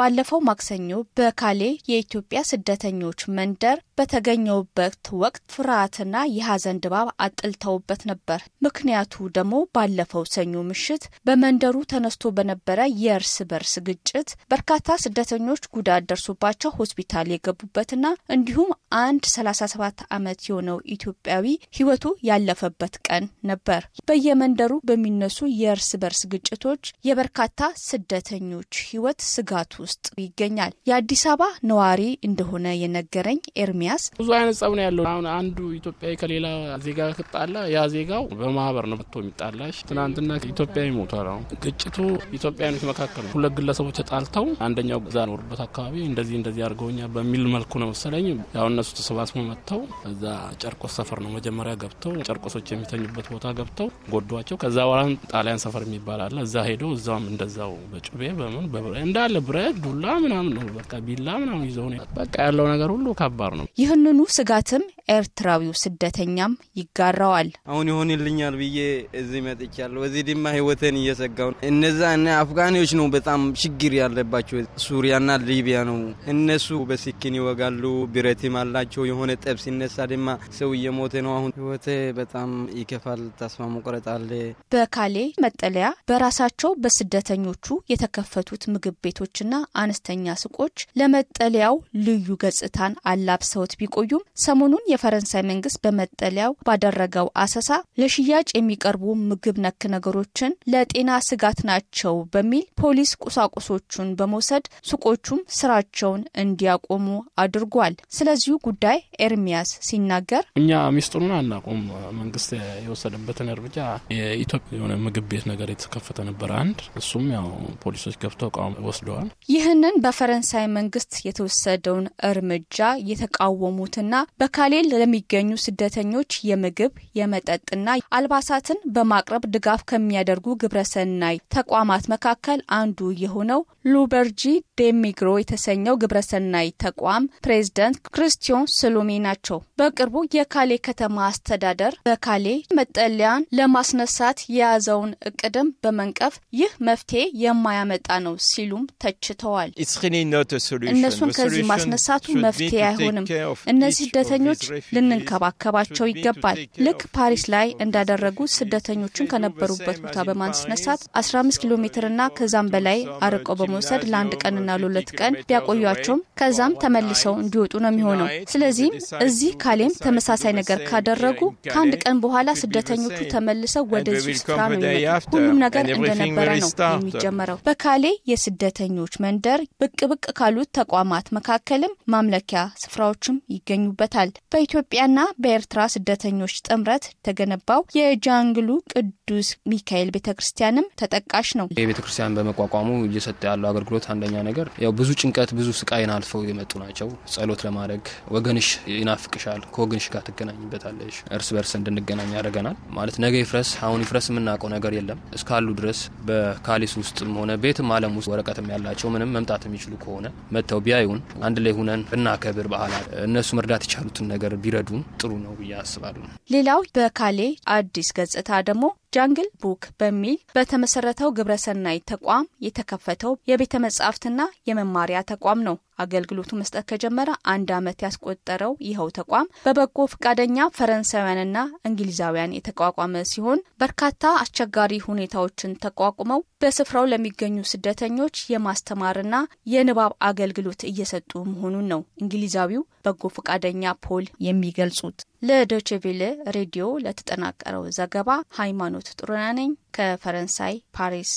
ባለፈው ማክሰኞ በካሌ የኢትዮጵያ ስደተኞች መንደር በተገኘውበት ወቅት ፍርሃትና የሐዘን ድባብ አጥልተውበት ነበር። ምክንያቱ ደግሞ ባለፈው ሰኞ ምሽት በመንደሩ ተነስቶ በነበረ የእርስ በርስ ግጭት በርካታ ስደተኞች ጉዳት ደርሶባቸው ሆስፒታል የገቡበትና እንዲሁም አንድ 37 ዓመት የሆነው ኢትዮጵያዊ ሕይወቱ ያለፈበት ቀን ነበር። በየመንደሩ በሚነሱ የእርስ በርስ ግጭቶች የበርካታ ስደተኞች ሕይወት ስጋቱ ውስጥ ይገኛል። የአዲስ አበባ ነዋሪ እንደሆነ የነገረኝ ኤርሚያስ ብዙ አይነት ጸብ ነው ያለው። አሁን አንዱ ኢትዮጵያዊ ከሌላ ዜጋ ክጣላ ያ ዜጋው በማህበር ነው መጥቶ የሚጣላሽ። ትናንትና ኢትዮጵያዊ ሞቷል። አሁን ግጭቱ ኢትዮጵያኖች መካከል ነው። ሁለት ግለሰቦች ተጣልተው አንደኛው እዛ ኖርበት አካባቢ እንደዚህ እንደዚህ አድርገውኛ በሚል መልኩ ነው መሰለኝ ያው እነሱ ተሰባስሞ መጥተው እዛ ጨርቆስ ሰፈር ነው መጀመሪያ ገብተው ጨርቆሶች የሚተኙበት ቦታ ገብተው ጎዷቸው። ከዛ በኋላ ጣሊያን ሰፈር የሚባል አለ እዛ ሄደው እዛም እንደዛው በጩቤ በምን በብረት እንዳለ ብረት ዱላ ምናምን ነው በቃ ቢላ ምናምን ይዘው በቃ ያለው ነገር ሁሉ ከባድ ነው። ይህንኑ ስጋትም ኤርትራዊው ስደተኛም ይጋራዋል። አሁን ይሆንልኛል ብዬ እዚህ መጥቻለሁ። በዚህ ድማ ህይወትን እየሰጋው እነዛ እነ አፍጋኒዎች ነው በጣም ችግር ያለባቸው ሱሪያና ሊቢያ ነው። እነሱ በስኪን ይወጋሉ፣ ብረትም አላቸው። የሆነ ጠብ ሲነሳ ድማ ሰው እየሞተ ነው። አሁን ህይወት በጣም ይከፋል። ተስፋ መቁረጥ አለ። በካሌ መጠለያ በራሳቸው በስደተኞቹ የተከፈቱት ምግብ ቤቶችና አነስተኛ ሱቆች ለመጠለያው ልዩ ገጽታን አላብሰውት ቢቆዩም ሰሞኑን የፈረንሳይ መንግስት በመጠለያው ባደረገው አሰሳ ለሽያጭ የሚቀርቡ ምግብ ነክ ነገሮችን ለጤና ስጋት ናቸው በሚል ፖሊስ ቁሳቁሶቹን በመውሰድ ሱቆቹም ስራቸውን እንዲያቆሙ አድርጓል። ስለዚሁ ጉዳይ ኤርሚያስ ሲናገር እኛ ሚስጥሩን አናውቅም። መንግስት የወሰደበትን እርምጃ የኢትዮጵያ የሆነ ምግብ ቤት ነገር የተከፈተ ነበር አንድ እሱም ያው ፖሊሶች ገብተው እቃ ወስደዋል። ይህንን በፈረንሳይ መንግስት የተወሰደውን እርምጃ የተቃወሙትና በካሌ በእስራኤል ለሚገኙ ስደተኞች የምግብ የመጠጥና አልባሳትን በማቅረብ ድጋፍ ከሚያደርጉ ግብረሰናይ ተቋማት መካከል አንዱ የሆነው ሉበርጂ ዴሚግሮ የተሰኘው ግብረሰናይ ተቋም ፕሬዝደንት ክርስቲዮን ስሉሜ ናቸው። በቅርቡ የካሌ ከተማ አስተዳደር በካሌ መጠለያን ለማስነሳት የያዘውን እቅድም በመንቀፍ ይህ መፍትሄ የማያመጣ ነው ሲሉም ተችተዋል። እነሱን ከዚህ ማስነሳቱ መፍትሄ አይሆንም። እነዚህ ስደተኞች ልንንከባከባቸው ይገባል። ልክ ፓሪስ ላይ እንዳደረጉ ስደተኞቹን ከነበሩበት ቦታ በማስነሳት 15 ኪሎ ሜትርና ከዛም በላይ አርቀው በመውሰድ ለአንድ ቀንና ለሁለት ቀን ቢያቆያቸውም ከዛም ተመልሰው እንዲወጡ ነው የሚሆነው። ስለዚህም እዚህ ካሌም ተመሳሳይ ነገር ካደረጉ ከአንድ ቀን በኋላ ስደተኞቹ ተመልሰው ወደዚህ ስፍራ ነው የሚመጡት። ሁሉም ነገር እንደነበረ ነው የሚጀመረው። በካሌ የስደተኞች መንደር ብቅ ብቅ ካሉት ተቋማት መካከልም ማምለኪያ ስፍራዎችም ይገኙበታል። በኢትዮጵያና በኤርትራ ስደተኞች ጥምረት የተገነባው የጃንግሉ ቅዱስ ሚካኤል ቤተ ክርስቲያንም ተጠቃሽ ነው። ይህ ቤተ ክርስቲያን በመቋቋሙ እየሰጠ ያለው አገልግሎት አንደኛ ነገር ያው ብዙ ጭንቀት፣ ብዙ ስቃይን አልፈው የመጡ ናቸው። ጸሎት ለማድረግ ወገንሽ ይናፍቅሻል፣ ከወገንሽ ጋር ትገናኝበታለሽ፣ እርስ በርስ እንድንገናኝ ያደርገናል። ማለት ነገ ይፍረስ አሁን ይፍረስ የምናውቀው ነገር የለም እስካሉ ድረስ በካሊስ ውስጥም ሆነ ቤትም አለም ውስጥ ወረቀትም ያላቸው ምንም መምጣት የሚችሉ ከሆነ መጥተው ቢያዩን አንድ ላይ ሁነን ብናከብር በዓላት እነሱ መርዳት የቻሉትን ነገር ቢረዱን ጥሩ ነው ብዬ አስባለሁ። ሌላው በካሌ አዲስ ገጽታ ደግሞ ጃንግል ቡክ በሚል በተመሰረተው ግብረሰናይ ተቋም የተከፈተው የቤተ መጻሕፍትና የመማሪያ ተቋም ነው። አገልግሎቱ መስጠት ከጀመረ አንድ ዓመት ያስቆጠረው ይኸው ተቋም በበጎ ፈቃደኛ ፈረንሳውያንና እንግሊዛውያን የተቋቋመ ሲሆን በርካታ አስቸጋሪ ሁኔታዎችን ተቋቁመው በስፍራው ለሚገኙ ስደተኞች የማስተማርና የንባብ አገልግሎት እየሰጡ መሆኑን ነው እንግሊዛዊው በጎ ፈቃደኛ ፖል የሚገልጹት። ለዶችቪል ሬዲዮ ለተጠናቀረው ዘገባ ሃይማኖት ጥሩና ነኝ ከፈረንሳይ ፓሪስ።